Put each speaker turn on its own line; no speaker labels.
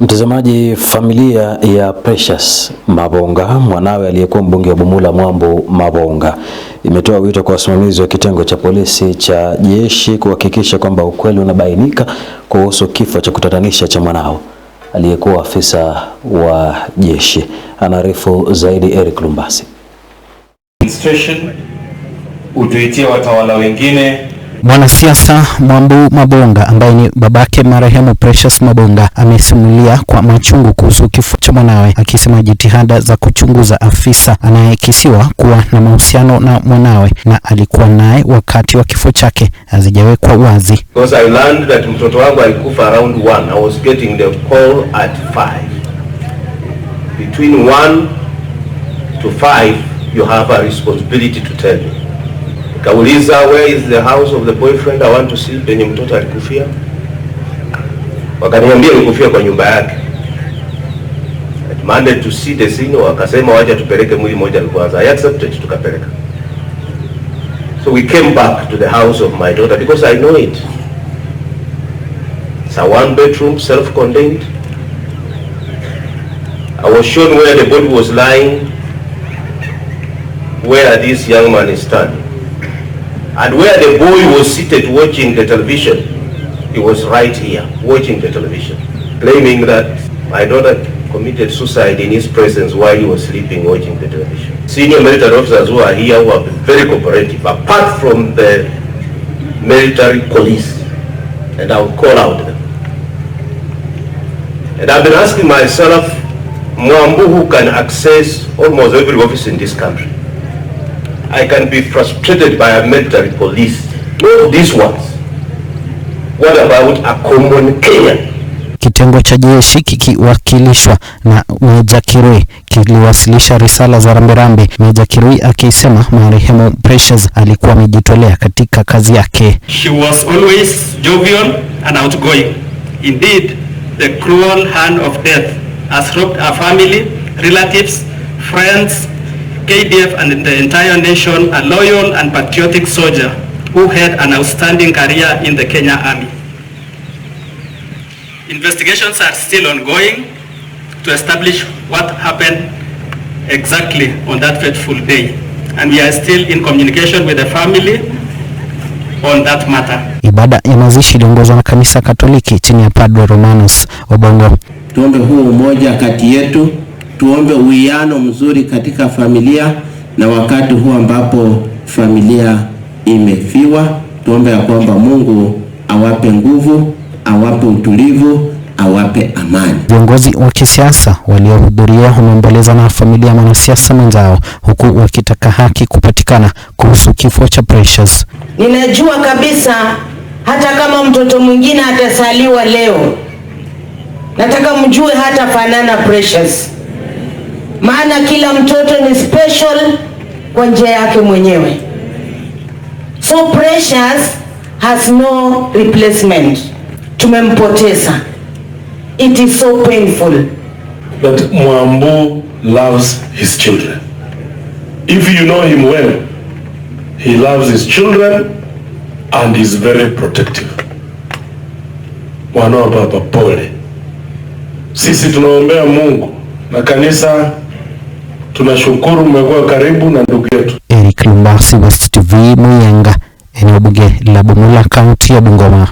Mtazamaji, familia ya Precious Mabonga mwanawe aliyekuwa mbunge wa Bumula Mwambo Mabonga imetoa wito kwa wasimamizi wa kitengo cha polisi cha jeshi kuhakikisha kwamba ukweli unabainika kuhusu kifo cha kutatanisha cha mwanao aliyekuwa afisa wa jeshi. Anaarifu zaidi Eric Lumbasi.
Utuitie watawala wengine
Mwanasiasa Mwambu Mabonga ambaye ni babake marehemu Precious Mabonga amesimulia kwa machungu kuhusu kifo cha mwanawe, akisema jitihada za kuchunguza afisa anayekisiwa kuwa na mahusiano na mwanawe na alikuwa naye wakati wa kifo chake hazijawekwa wazi.
Because I learned that mtoto wangu alikufa around 1. I was getting the call at 5. Between 1 to 5 you have a responsibility to tell me. Kauliza, where is the house of the boyfriend I want to see, penye mtoto alikufia. Wakaniambia alikufia kwa nyumba yake. I demanded to see the scene, wakasema waje tupeleke mwili moja kwanza. I accepted, tukapeleka. So we came back to the house of my daughter because I know it. It's a one bedroom self-contained. I was shown where the body was lying, where this young man is standing. And where the boy was seated watching the television, he was right here watching the television, claiming that my daughter committed suicide in his presence while he was sleeping watching the television. Senior military officers who are here who been very cooperative, apart from the military police, and I'll call out them. And I've been asking myself, Mwambu who can access almost every office in this country I can be frustrated by a military police. Not these ones. What about a common Kenyan?
Kitengo cha jeshi kikiwakilishwa na Meja Kirui kiliwasilisha risala za rambirambi, Meja Kirui akisema marehemu Precious alikuwa amejitolea katika kazi yake.
She was always jovial and outgoing. Indeed, the cruel hand of death has robbed her family, relatives, friends KDF and the entire nation a loyal and patriotic soldier who had an outstanding career in the Kenya Army. Investigations are still ongoing to establish what happened exactly on that fateful day and we are still in communication with the family on that matter.
Ibada ya mazishi iliongozwa na kanisa Katoliki chini ya Padre Romanus Obongo.
Tuombe huo umoja kati yetu tuombe uwiano mzuri katika familia, na wakati huu ambapo familia imefiwa, tuombe ya kwamba Mungu awape nguvu, awape utulivu, awape amani.
Viongozi wa kisiasa waliohudhuria wameomboleza na familia ya mwanasiasa mwenzao, huku wakitaka haki kupatikana kuhusu kifo cha Precious.
Ninajua kabisa hata kama mtoto mwingine atasaliwa leo, nataka mjue hata fanana Precious maana kila mtoto ni special kwa njia yake mwenyewe. So precious has no replacement. Tumempoteza. It is so painful. But Mwambu loves his children. If you know him well, he loves his children and is very protective. Mwanao baba, pole. Sisi tunaombea Mungu na kanisa tunashukuru mmekuwa karibu na ndugu yetu.
Eric Lumbasi, West TV, Muyanga, eneo bunge la Bumula, kaunti ya Bungoma.